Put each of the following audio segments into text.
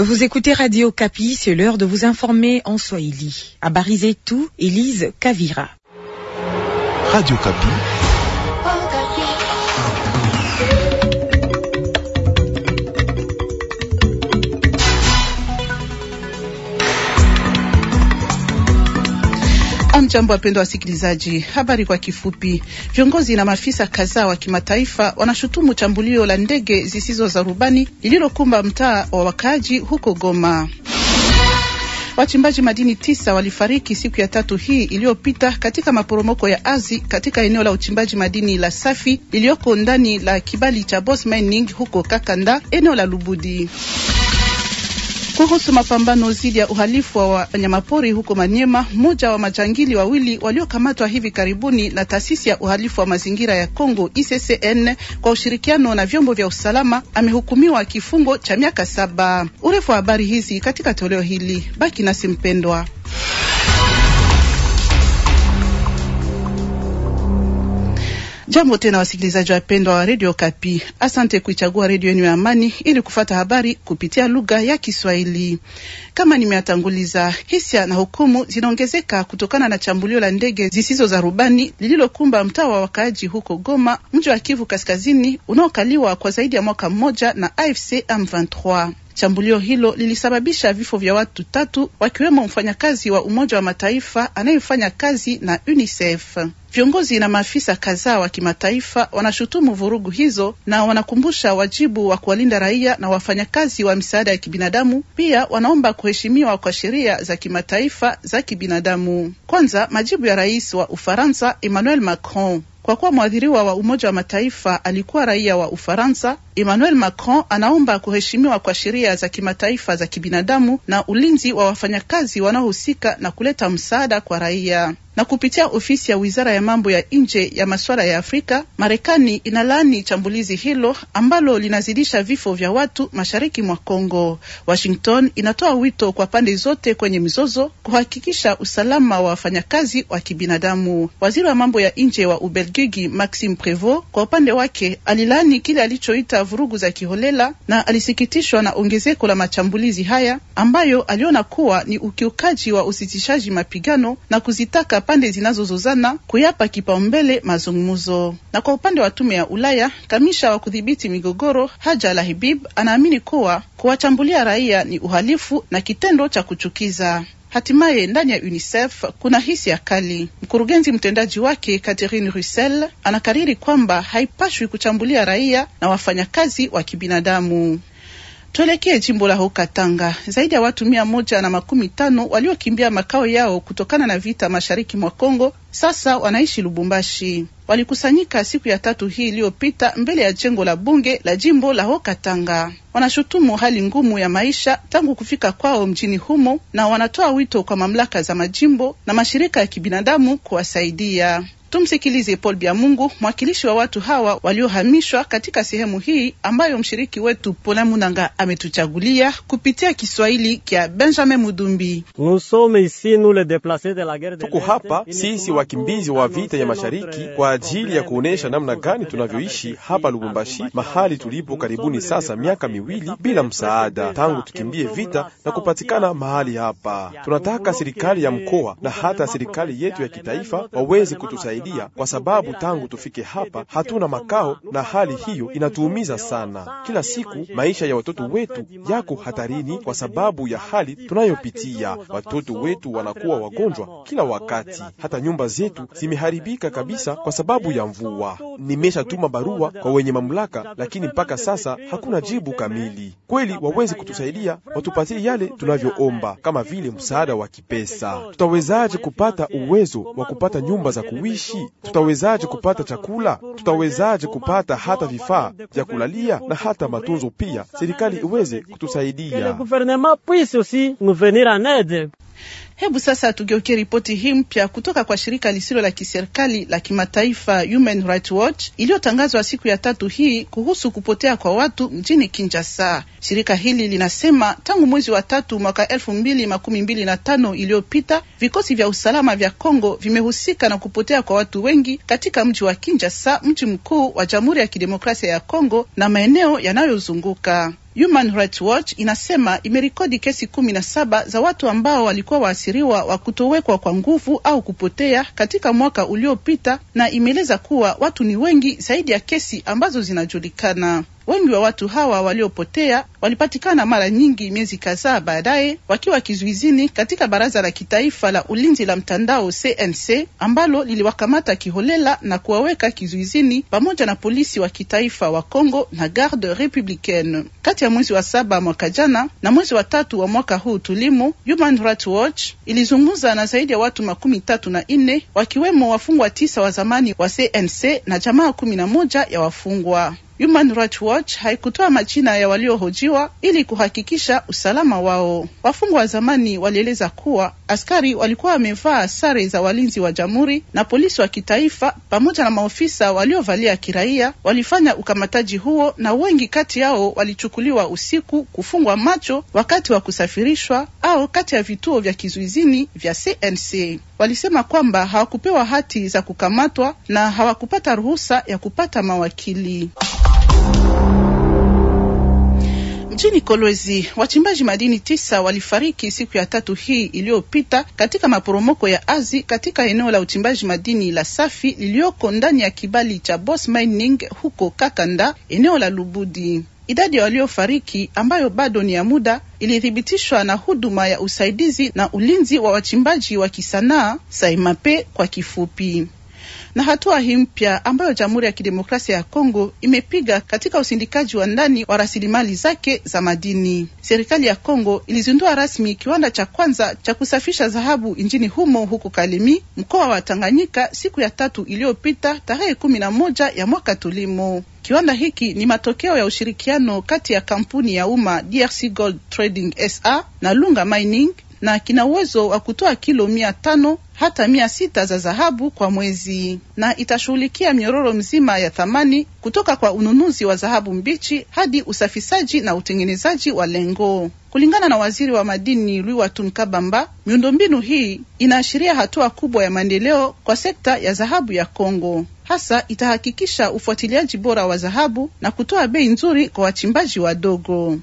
Vous écoutez Radio Capi, c'est l'heure de vous informer en Swahili. À tout, Elise Kavira. Radio Capi. Hamjambo, wapendwa wasikilizaji, habari kwa kifupi. Viongozi na maafisa kadhaa wa kimataifa wanashutumu shambulio la ndege zisizo za rubani lililokumba mtaa wa wakaaji huko Goma. Wachimbaji madini tisa walifariki siku ya tatu hii iliyopita katika maporomoko ya ardhi katika eneo la uchimbaji madini la Safi iliyoko ndani la kibali cha Boss Mining huko Kakanda, eneo la Lubudi. Kuhusu mapambano dhidi ya uhalifu wa wanyamapori huko Manyema, mmoja wa majangili wawili waliokamatwa hivi karibuni na taasisi ya uhalifu wa mazingira ya Kongo ICCN kwa ushirikiano na vyombo vya usalama amehukumiwa kifungo cha miaka saba. Urefu wa habari hizi katika toleo hili, baki nasi mpendwa. Jambo tena wasikilizaji wapendwa wa redio Kapi, asante kuichagua redio yenu ya amani ili kufata habari kupitia lugha ya Kiswahili. Kama nimeatanguliza, hisia na hukumu zinaongezeka kutokana na chambulio la ndege zisizo za rubani lililokumba mtaa wa wakaaji huko Goma, mji wa Kivu Kaskazini unaokaliwa kwa zaidi ya mwaka mmoja na AFC M23. Shambulio hilo lilisababisha vifo vya watu tatu, wakiwemo mfanyakazi wa Umoja wa Mataifa anayefanya kazi na UNICEF. Viongozi na maafisa kadhaa wa kimataifa wanashutumu vurugu hizo na wanakumbusha wajibu wa kuwalinda raia na wafanyakazi wa misaada ya kibinadamu. Pia wanaomba kuheshimiwa kwa sheria za kimataifa za kibinadamu. Kwanza majibu ya rais wa Ufaransa Emmanuel Macron. Kwa kuwa mwathiriwa wa Umoja wa Mataifa alikuwa raia wa Ufaransa, Emmanuel Macron anaomba kuheshimiwa kwa sheria za kimataifa za kibinadamu na ulinzi wa wafanyakazi wanaohusika na kuleta msaada kwa raia na kupitia ofisi ya wizara ya mambo ya nje ya masuala ya Afrika, Marekani inalaani shambulizi hilo ambalo linazidisha vifo vya watu mashariki mwa Kongo. Washington inatoa wito kwa pande zote kwenye mizozo kuhakikisha usalama wa wafanyakazi wa kibinadamu. Waziri wa mambo ya nje wa Ubelgiji Maxime Prevot kwa upande wake alilaani kile alichoita vurugu za kiholela na alisikitishwa na ongezeko la mashambulizi haya ambayo aliona kuwa ni ukiukaji wa usitishaji mapigano na kuzitaka pande zinazozozana kuyapa kipaumbele mazungumzo. Na kwa upande wa tume ya Ulaya, kamisha wa kudhibiti migogoro Haja Al anaamini kuwa kuwachambulia raia ni uhalifu na kitendo cha kuchukiza. Hatimaye ndani ya UNICEF kuna hisia kali. Mkurugenzi mtendaji wake Catherine Russell anakariri kwamba haipashwi kuchambulia raia na wafanyakazi wa kibinadamu. Tuelekee jimbo la Haut-Katanga. Zaidi ya watu mia moja na makumi tano waliokimbia makao yao kutokana na vita mashariki mwa Kongo sasa wanaishi Lubumbashi. Walikusanyika siku ya tatu hii iliyopita mbele ya jengo la bunge la jimbo la Haut-Katanga. Wanashutumu hali ngumu ya maisha tangu kufika kwao mjini humo, na wanatoa wito kwa mamlaka za majimbo na mashirika ya kibinadamu kuwasaidia. Tumsikilize Paul Biamungu, mwakilishi wa watu hawa waliohamishwa katika sehemu hii ambayo mshiriki wetu Pola Munanga ametuchagulia kupitia Kiswahili kya Benjamin Mudumbi. Tuko hapa sisi wakimbizi wa vita ya mashariki kwa ajili ya kuonyesha namna gani tunavyoishi hapa Lubumbashi, mahali tulipo karibuni sasa miaka miwili bila msaada tangu tukimbie vita na kupatikana mahali hapa. Tunataka serikali ya mkoa na hata serikali yetu ya kitaifa waweze kutusaidia kutusaidia, kwa sababu tangu tufike hapa hatuna makao, na hali hiyo inatuumiza sana. Kila siku maisha ya watoto wetu yako hatarini kwa sababu ya hali tunayopitia. Watoto wetu wanakuwa wagonjwa kila wakati, hata nyumba zetu zimeharibika kabisa kwa sababu ya mvua. Nimeshatuma barua kwa wenye mamlaka, lakini mpaka sasa hakuna jibu kamili. Kweli waweze kutusaidia, watupatie yale tunavyoomba, kama vile msaada wa kipesa. Tutawezaje kupata uwezo wa kupata nyumba za kuishi kuishi? Tutawezaje kupata chakula? Tutawezaje kupata hata vifaa vya kulalia na hata matunzo? Pia serikali iweze kutusaidia. Hebu sasa tugeukie ripoti hii mpya kutoka kwa shirika lisilo la kiserikali la kimataifa Human Rights Watch iliyotangazwa siku ya tatu hii kuhusu kupotea kwa watu mjini Kinshasa. Shirika hili linasema tangu mwezi wa tatu mwaka elfu mbili makumi mbili na tano iliyopita vikosi vya usalama vya Kongo vimehusika na kupotea kwa watu wengi katika mji wa Kinshasa, mji mkuu wa Jamhuri ya Kidemokrasia ya Kongo na maeneo yanayozunguka. Human Rights Watch inasema imerekodi kesi kumi na saba za watu ambao walikuwa waasiriwa wa kutowekwa kwa nguvu au kupotea katika mwaka uliopita, na imeeleza kuwa watu ni wengi zaidi ya kesi ambazo zinajulikana. Wengi wa watu hawa waliopotea walipatikana mara nyingi miezi kadhaa baadaye wakiwa kizuizini katika baraza la kitaifa la ulinzi la mtandao CNC ambalo liliwakamata kiholela na kuwaweka kizuizini pamoja na polisi wa kitaifa wa congo na Garde Republicaine. Kati ya mwezi wa saba mwaka jana na mwezi wa tatu wa mwaka huu tulimo, Human Rights Watch ilizungumza na zaidi ya watu makumi tatu na nne wakiwemo wafungwa tisa wa zamani wa CNC na jamaa kumi na moja ya wafungwa. Human Rights Watch haikutoa majina ya waliohojiwa ili kuhakikisha usalama wao. Wafungwa wa zamani walieleza kuwa askari walikuwa wamevaa sare za walinzi wa jamhuri na polisi wa kitaifa pamoja na maofisa waliovalia kiraia walifanya ukamataji huo, na wengi kati yao walichukuliwa usiku, kufungwa macho wakati wa kusafirishwa au kati ya vituo vya kizuizini vya CNC. Walisema kwamba hawakupewa hati za kukamatwa na hawakupata ruhusa ya kupata mawakili nchini Kolwezi wachimbaji madini tisa walifariki siku ya tatu hii iliyopita katika maporomoko ya azi katika eneo la uchimbaji madini la Safi lilioko ndani ya kibali cha Boss Mining huko Kakanda, eneo la Lubudi. Idadi ya waliofariki ambayo bado ni ya muda ilithibitishwa na huduma ya usaidizi na ulinzi wa wachimbaji wa kisanaa Saimape kwa kifupi na hatua hii mpya ambayo Jamhuri ya Kidemokrasia ya Kongo imepiga katika usindikaji wa ndani wa rasilimali zake za madini. Serikali ya Kongo ilizindua rasmi kiwanda cha kwanza cha kusafisha dhahabu nchini humo huko Kalemi, mkoa wa Tanganyika, siku ya tatu iliyopita tarehe kumi na moja ya mwaka tulimo. Kiwanda hiki ni matokeo ya ushirikiano kati ya kampuni ya umma DRC Gold Trading SA na Lunga Mining na kina uwezo wa kutoa kilo mia tano hata mia sita za dhahabu kwa mwezi, na itashughulikia mnyororo mzima ya thamani kutoka kwa ununuzi wa dhahabu mbichi hadi usafisaji na utengenezaji wa lengo. Kulingana na waziri wa madini Lwiwatu miundo miundombinu hii inaashiria hatua kubwa ya maendeleo kwa sekta ya dhahabu ya Kongo. Hasa itahakikisha ufuatiliaji bora wa dhahabu na kutoa bei nzuri kwa wachimbaji wadogo.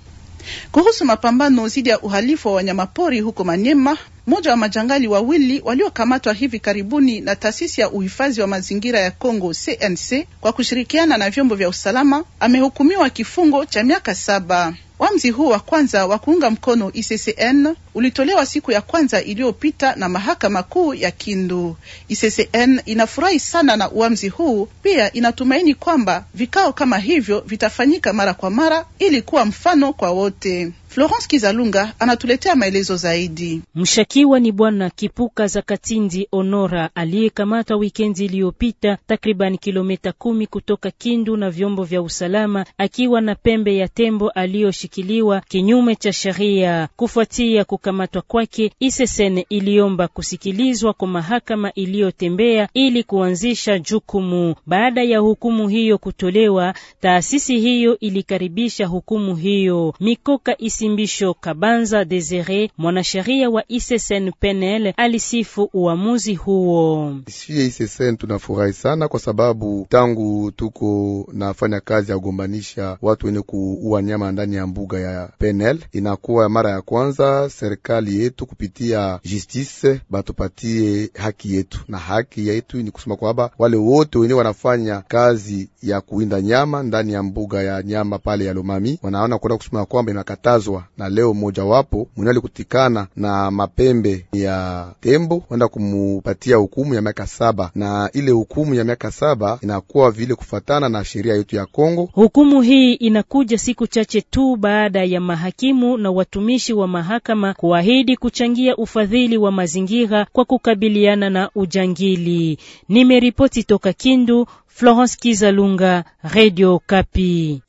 Kuhusu mapambano dhidi ya uhalifu wa wanyamapori huko Manyema, mmoja wa majangali wawili waliokamatwa hivi karibuni na taasisi ya uhifadhi wa mazingira ya congo CNC kwa kushirikiana na vyombo vya usalama amehukumiwa kifungo cha miaka saba. Wamzi huu wa kwanza wa kuunga mkono ICCN ulitolewa siku ya kwanza iliyopita na mahakama kuu ya Kindu. ICCN inafurahi sana na uamzi huu, pia inatumaini kwamba vikao kama hivyo vitafanyika mara kwa mara ili kuwa mfano kwa wote. Florence Kizalunga anatuletea maelezo zaidi. Mshakiwa ni bwana Kipuka za Katindi Onora aliyekamatwa wikendi iliyopita takriban kilomita kumi kutoka Kindu na vyombo vya usalama akiwa na pembe ya tembo aliyoshikiliwa kinyume cha sheria. Kufuatia kukamatwa kwake, Isesene iliomba kusikilizwa kwa mahakama iliyotembea ili kuanzisha jukumu. Baada ya hukumu hiyo kutolewa, taasisi hiyo ilikaribisha hukumu hiyo. Mikoka isi Msimbisho Kabanza Desire, mwanasheria wa ISSN Penel, alisifu uamuzi huo. Sisi ISSN tunafurahi sana kwa sababu tangu tuko nafanya kazi ya kugombanisha watu wenye kuua nyama ndani ya mbuga ya Penel, inakuwa mara ya kwanza serikali yetu kupitia justice batupatie haki yetu, na haki yetu ni kusema kwamba wale wote wenye wanafanya kazi ya kuinda nyama ndani ya mbuga ya nyama pale ya Lomami wanaona kwenda kusema kwamba inakatazwa dawa, na leo mmojawapo mwenye alikutikana na mapembe ya tembo kwenda kumupatia hukumu ya miaka saba, na ile hukumu ya miaka saba inakuwa vile kufatana na sheria yetu ya Kongo. Hukumu hii inakuja siku chache tu baada ya mahakimu na watumishi wa mahakama kuahidi kuchangia ufadhili wa mazingira kwa kukabiliana na ujangili. Nimeripoti toka Kindu, Florence Kizalunga, Radio Kapi.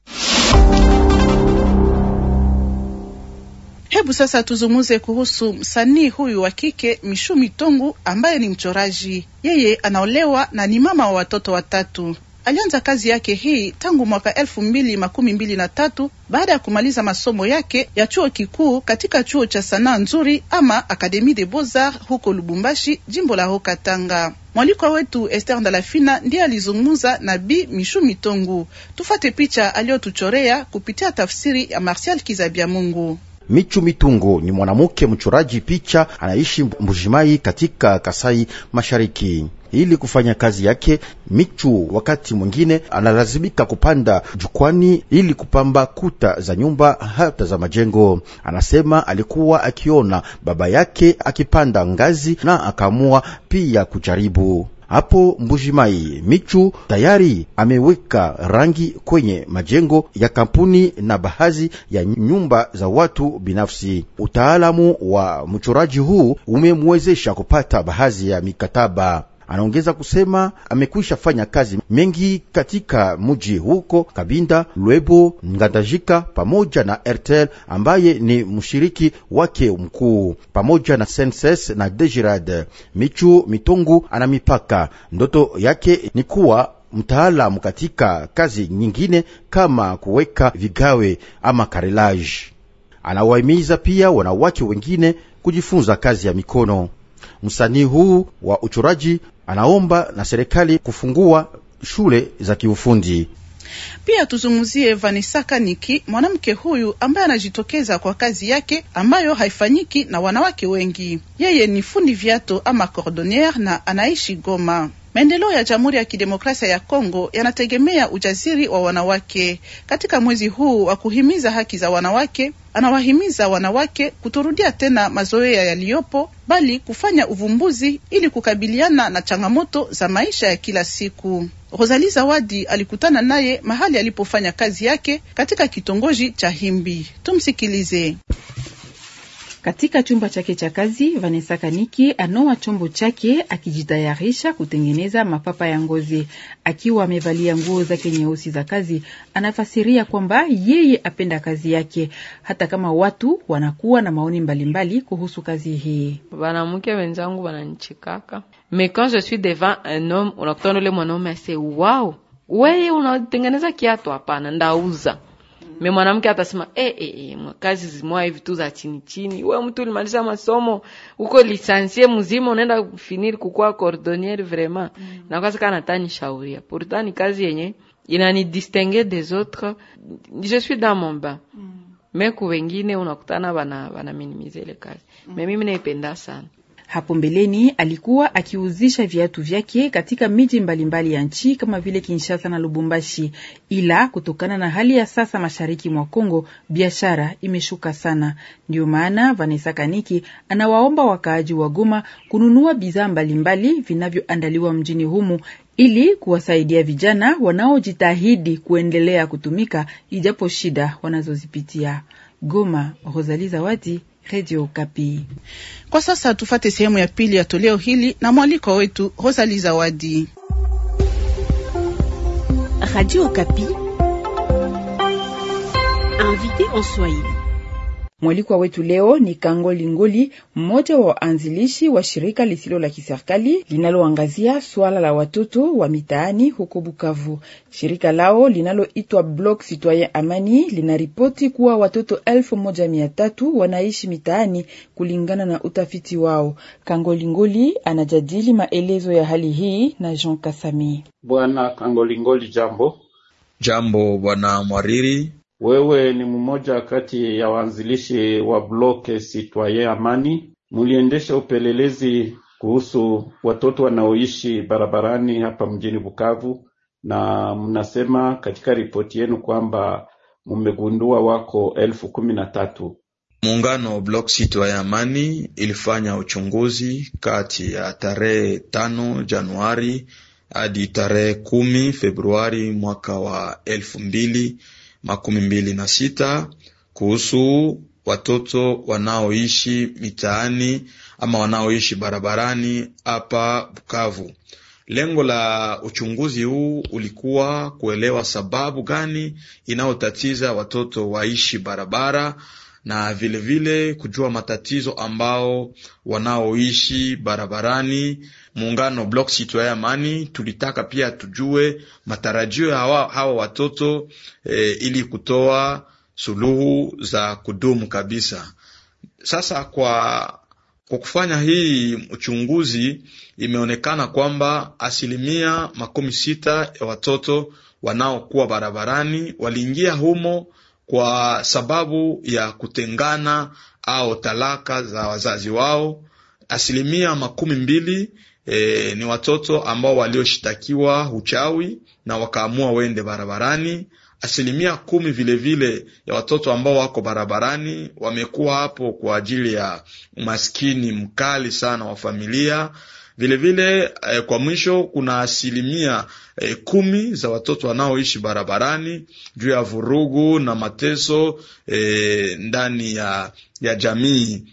Hebu sasa tuzungumze kuhusu msanii huyu wa kike Mishumi Tongu ambaye ni mchoraji. Yeye anaolewa na ni mama wa watoto watatu. Alianza kazi yake hii tangu mwaka elfu mbili makumi mbili na tatu baada ya kumaliza masomo yake ya chuo kikuu katika chuo cha sanaa nzuri ama Akademie de Beaux-Arts huko Lubumbashi, jimbo la hoka tanga Mwalikwa wetu Esther Ndalafina ndiye alizungumza na Bi Mishumi Tongu. Tufate picha aliyotuchorea kupitia tafsiri ya Martial Kizabiamungu. Michu Mitungo ni mwanamke mchoraji picha anaishi Mbujimai katika Kasai Mashariki. Ili kufanya kazi yake, Michu wakati mwingine analazimika kupanda jukwani ili kupamba kuta za nyumba hata za majengo. Anasema alikuwa akiona baba yake akipanda ngazi na akaamua pia kujaribu hapo Mbujimai. Michu tayari ameweka rangi kwenye majengo ya kampuni na baadhi ya nyumba za watu binafsi. Utaalamu wa mchoraji huu umemwezesha kupata baadhi ya mikataba. Anaongeza kusema amekwisha fanya kazi mengi katika muji huko Kabinda, Lwebo, Ngandajika pamoja na Airtel ambaye ni mshiriki wake mkuu pamoja na Senses na Dejirad. Michu Mitongu ana mipaka. Ndoto yake ni kuwa mtaalamu katika kazi nyingine kama kuweka vigawe ama karelage. Anawahimiza pia wanawake wengine kujifunza kazi ya mikono. Msanii huu wa uchoraji anaomba na serikali kufungua shule za kiufundi. Pia tuzungumzie Vanessa Kaniki, mwanamke huyu ambaye anajitokeza kwa kazi yake ambayo haifanyiki na wanawake wengi. Yeye ni fundi viato ama cordonniere na anaishi Goma. Maendeleo ya Jamhuri ya Kidemokrasia ya Kongo yanategemea ujasiri wa wanawake. Katika mwezi huu wa kuhimiza haki za wanawake, anawahimiza wanawake kutorudia tena mazoea yaliyopo, bali kufanya uvumbuzi ili kukabiliana na changamoto za maisha ya kila siku. rosali Zawadi alikutana naye mahali alipofanya kazi yake katika kitongoji cha Himbi. Tumsikilize. Katika chumba chake cha kazi, Vanessa Kaniki anoa chombo chake akijitayarisha kutengeneza mapapa ya ngozi. Akiwa amevalia nguo zake nyeusi za kazi, anafasiria kwamba yeye apenda kazi yake, hata kama watu wanakuwa na maoni mbalimbali mbali kuhusu kazi hii. Wanamke wenzangu wananchikaka me quand je suis devant un homme, unakutana ule mwanaume ase, wow, weye unatengeneza kiatu? Hapana, ndauza Me mwanamke atasema eh, eh, eh, kazi zimwa hivi tu za chini chini. Wewe mtu ulimaliza masomo, uko lisansie mzima unaenda finir kukua cordonnier vraiment. Mm. Na kazi kana tani shauria. Pourtant ni kazi yenye inani distinguer des autres. Je suis dans mon bain. Mm. Meku wengine unakutana bana bana minimize ile kazi. Mm. Me mimi naipenda sana. Hapo mbeleni alikuwa akiuzisha viatu vyake katika miji mbalimbali ya nchi kama vile Kinshasa na Lubumbashi, ila kutokana na hali ya sasa mashariki mwa Kongo, biashara imeshuka sana. Ndio maana Vanessa Kaniki anawaomba wakaaji wa Goma kununua bidhaa mbalimbali vinavyoandaliwa mjini humu ili kuwasaidia vijana wanaojitahidi kuendelea kutumika ijapo shida wanazozipitia. Goma, Rosalie Zawadi, Radio Kapi. Kwa sasa tufate sehemu ya pili ya toleo hili na mwaliko wetu Rosali Zawadi. Radio Kapi. Invité en Swahili. Mwalikwa wetu leo ni Kangoli Ngoli, mmoja wa waanzilishi wa shirika lisilo la kiserikali linaloangazia suala la watoto wa mitaani huko Bukavu. Shirika lao linaloitwa Blok Citoyen Amani linaripoti kuwa watoto elfu moja mia tatu wanaishi mitaani kulingana na utafiti wao. Kangoli Ngoli anajadili maelezo ya hali hii na Jean Kasami. Bwana Kangoli Ngoli, jambo. Jambo bwana Mwariri. Wewe ni mmoja kati ya waanzilishi wa bloke Sitwaye Amani, mliendesha upelelezi kuhusu watoto wanaoishi barabarani hapa mjini Bukavu, na mnasema katika ripoti yenu kwamba mmegundua wako elfu kumi na tatu. Muungano Bloc Citoyen Amani ilifanya uchunguzi kati ya tarehe tano Januari hadi tarehe kumi Februari mwaka wa elfu mbili makumi mbili na sita kuhusu watoto wanaoishi mitaani ama wanaoishi barabarani hapa Bukavu. Lengo la uchunguzi huu ulikuwa kuelewa sababu gani inayotatiza watoto waishi barabara na vilevile vile kujua matatizo ambao wanaoishi barabarani. Muungano Bloc Citoyen Amani tulitaka pia tujue matarajio ya hawa, hawa watoto e, ili kutoa suluhu za kudumu kabisa. Sasa kwa kwa kufanya hii uchunguzi imeonekana kwamba asilimia makumi sita ya watoto wanaokuwa barabarani waliingia humo kwa sababu ya kutengana au talaka za wazazi wao. Asilimia makumi mbili e, ni watoto ambao walioshitakiwa uchawi na wakaamua wende barabarani. Asilimia kumi vilevile vile ya watoto ambao wako barabarani wamekuwa hapo kwa ajili ya umaskini mkali sana wa familia Vilevile eh, kwa mwisho kuna asilimia eh, kumi za watoto wanaoishi barabarani juu ya vurugu na mateso eh, ndani ya, ya jamii.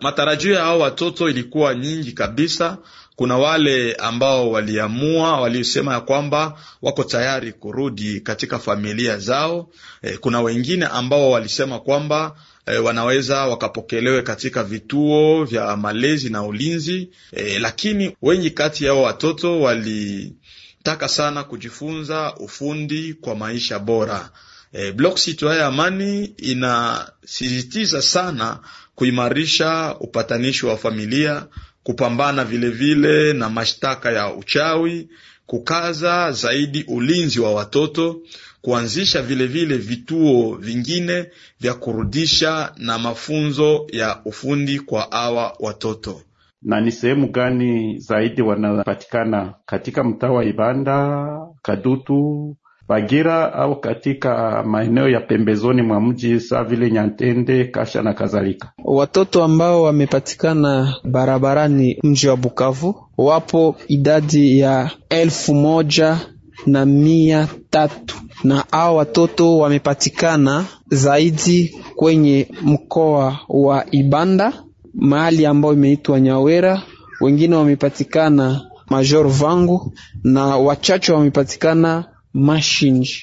Matarajio ya hao watoto ilikuwa nyingi kabisa. Kuna wale ambao waliamua, waliosema ya kwamba wako tayari kurudi katika familia zao. Eh, kuna wengine ambao walisema kwamba e, wanaweza wakapokelewe katika vituo vya malezi na ulinzi e, lakini wengi kati yao watoto walitaka sana kujifunza ufundi kwa maisha bora. E, eh, Bloc Amani inasisitiza sana kuimarisha upatanishi wa familia, kupambana vilevile vile na mashtaka ya uchawi, kukaza zaidi ulinzi wa watoto kuanzisha vilevile vile vituo vingine vya kurudisha na mafunzo ya ufundi kwa awa watoto. Na ni sehemu gani zaidi wanapatikana katika mtaa wa Ibanda, Kadutu, Bagira au katika maeneo ya pembezoni mwa mji saa vile Nyantende, Kasha na kadhalika. Watoto ambao wamepatikana barabarani mji wa Bukavu wapo idadi ya elfu moja na mia tatu na hao watoto wamepatikana zaidi kwenye mkoa wa Ibanda mahali ambayo imeitwa Nyawera, wengine wamepatikana Major Vangu na wachache wamepatikana Mashinji.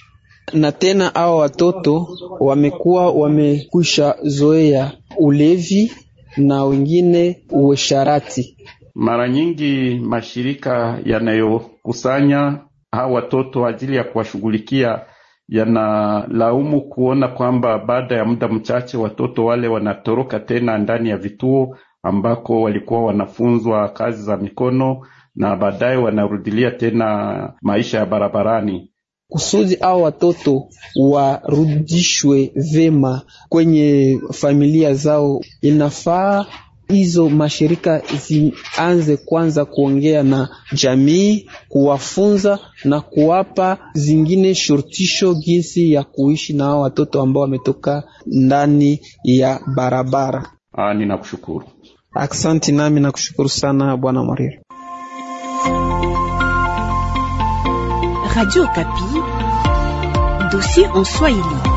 Na tena hao watoto wamekuwa wamekwisha zoea ulevi na wengine uesharati. Mara nyingi mashirika yanayokusanya hawa watoto ajili ya kuwashughulikia yanalaumu kuona kwamba baada ya muda mchache watoto wale wanatoroka tena ndani ya vituo ambako walikuwa wanafunzwa kazi za mikono na baadaye wanarudilia tena maisha ya barabarani kusudi au watoto warudishwe vema kwenye familia zao, inafaa hizo mashirika zianze kwanza kuongea na jamii, kuwafunza na kuwapa zingine shurtisho jinsi ya kuishi na hao watoto ambao wametoka ndani ya barabara. Ah, ninakushukuru. asanti. nami nakushukuru sana Bwana Mariri. Radio Kapi, dossier en Swahili.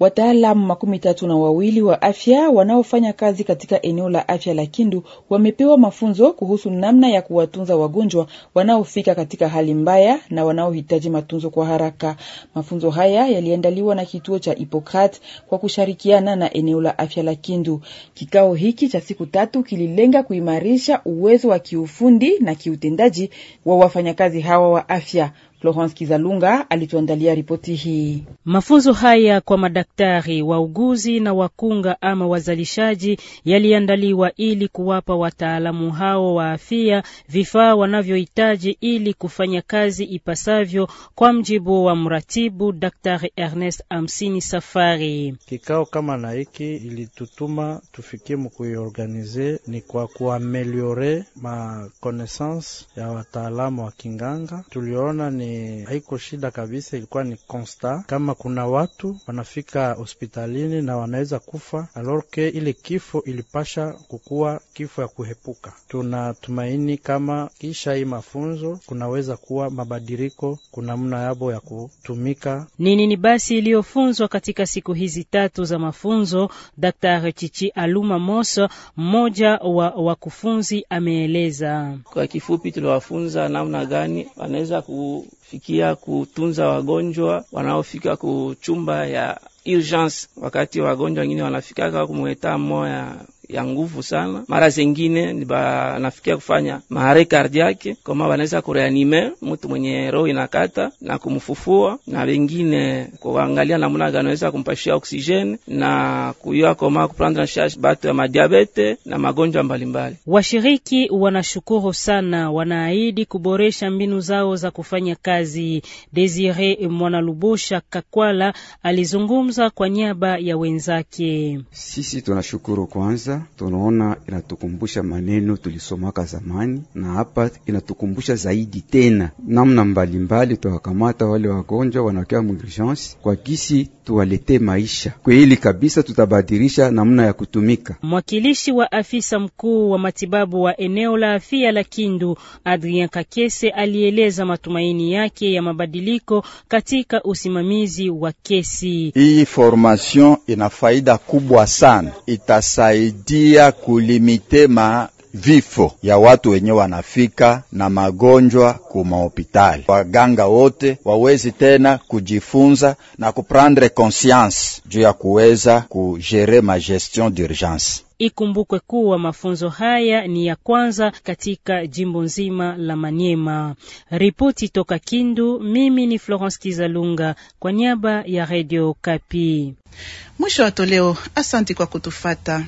Wataalamu makumi tatu na wawili wa afya wanaofanya kazi katika eneo la afya la Kindu wamepewa mafunzo kuhusu namna ya kuwatunza wagonjwa wanaofika katika hali mbaya na wanaohitaji matunzo kwa haraka. Mafunzo haya yaliandaliwa na kituo cha Hipokrat kwa kushirikiana na eneo la afya la Kindu. Kikao hiki cha siku tatu kililenga kuimarisha uwezo wa kiufundi na kiutendaji wa wafanyakazi hawa wa afya. Florence Kizalunga alituandalia ripoti hii. Mafunzo haya kwa madaktari, wauguzi na wakunga ama wazalishaji yaliandaliwa ili kuwapa wataalamu hao wa afya vifaa wanavyohitaji ili kufanya kazi ipasavyo, kwa mjibu wa mratibu Daktari Ernest Amsini Safari. Kikao kama na hiki ilitutuma tufikie mkuiorganize ni kwa kuameliore makonaissance ya wataalamu wa kinganga, tuliona ni haiko shida kabisa, ilikuwa ni konsta kama kuna watu wanafika hospitalini na wanaweza kufa, alorke ile kifo ilipasha kukuwa kifo ya kuhepuka. Tunatumaini kama kisha hii mafunzo kunaweza kuwa mabadiliko kuna mna yabo ya kutumika. Ni nini basi iliyofunzwa katika siku hizi tatu za mafunzo? dr Chichi Aluma mos mmoja wa wakufunzi, ameeleza kwa kifupi tuliwafunza namna gani wanaweza ku fikia kutunza wagonjwa wanaofika kuchumba ya urgence, wakati wagonjwa wengine wanafikaka kumweta moya ya nguvu sana, mara zengine banafikia kufanya mahare kardiake kama wanaweza kureanime mtu mwenye roho inakata na kumfufua, na wengine kuangalia namna gani anaweza kumpashia oksijeni na kuyua koma kuprendre charge bato ya madiabete na magonjwa mbalimbali. Washiriki wanashukuru sana, wanaahidi kuboresha mbinu zao za kufanya kazi. Desire Mwanalubosha Kakwala alizungumza kwa niaba ya wenzake. Sisi tunashukuru kwanza tunaona inatukumbusha maneno tulisomaka zamani, na hapa inatukumbusha zaidi tena namna mbalimbali tuwakamata wale wagonjwa wanakiwa murgensi kwa kisi tuwaletee maisha kweli kabisa, tutabadilisha namna ya kutumika. Mwakilishi wa afisa mkuu wa matibabu wa eneo la afia la Kindu Adrien Kakese alieleza matumaini yake ya mabadiliko katika usimamizi wa kesi hii. Formation ina faida kubwa sana, itasaidia kusaidia ma vifo ya watu wenye wanafika na magonjwa kumahopitali. Waganga wote wawezi tena kujifunza na kuprendre conscience juu ya kuweza kujere ma gestion d'urgence. Ikumbukwe kuwa mafunzo haya ni ya kwanza katika jimbo nzima la Maniema. Ripoti toka Kindu, mimi ni Florence Kizalunga kwa niaba ya Radio Kapi. Mwisho wa toleo, asanti kwa kutufata.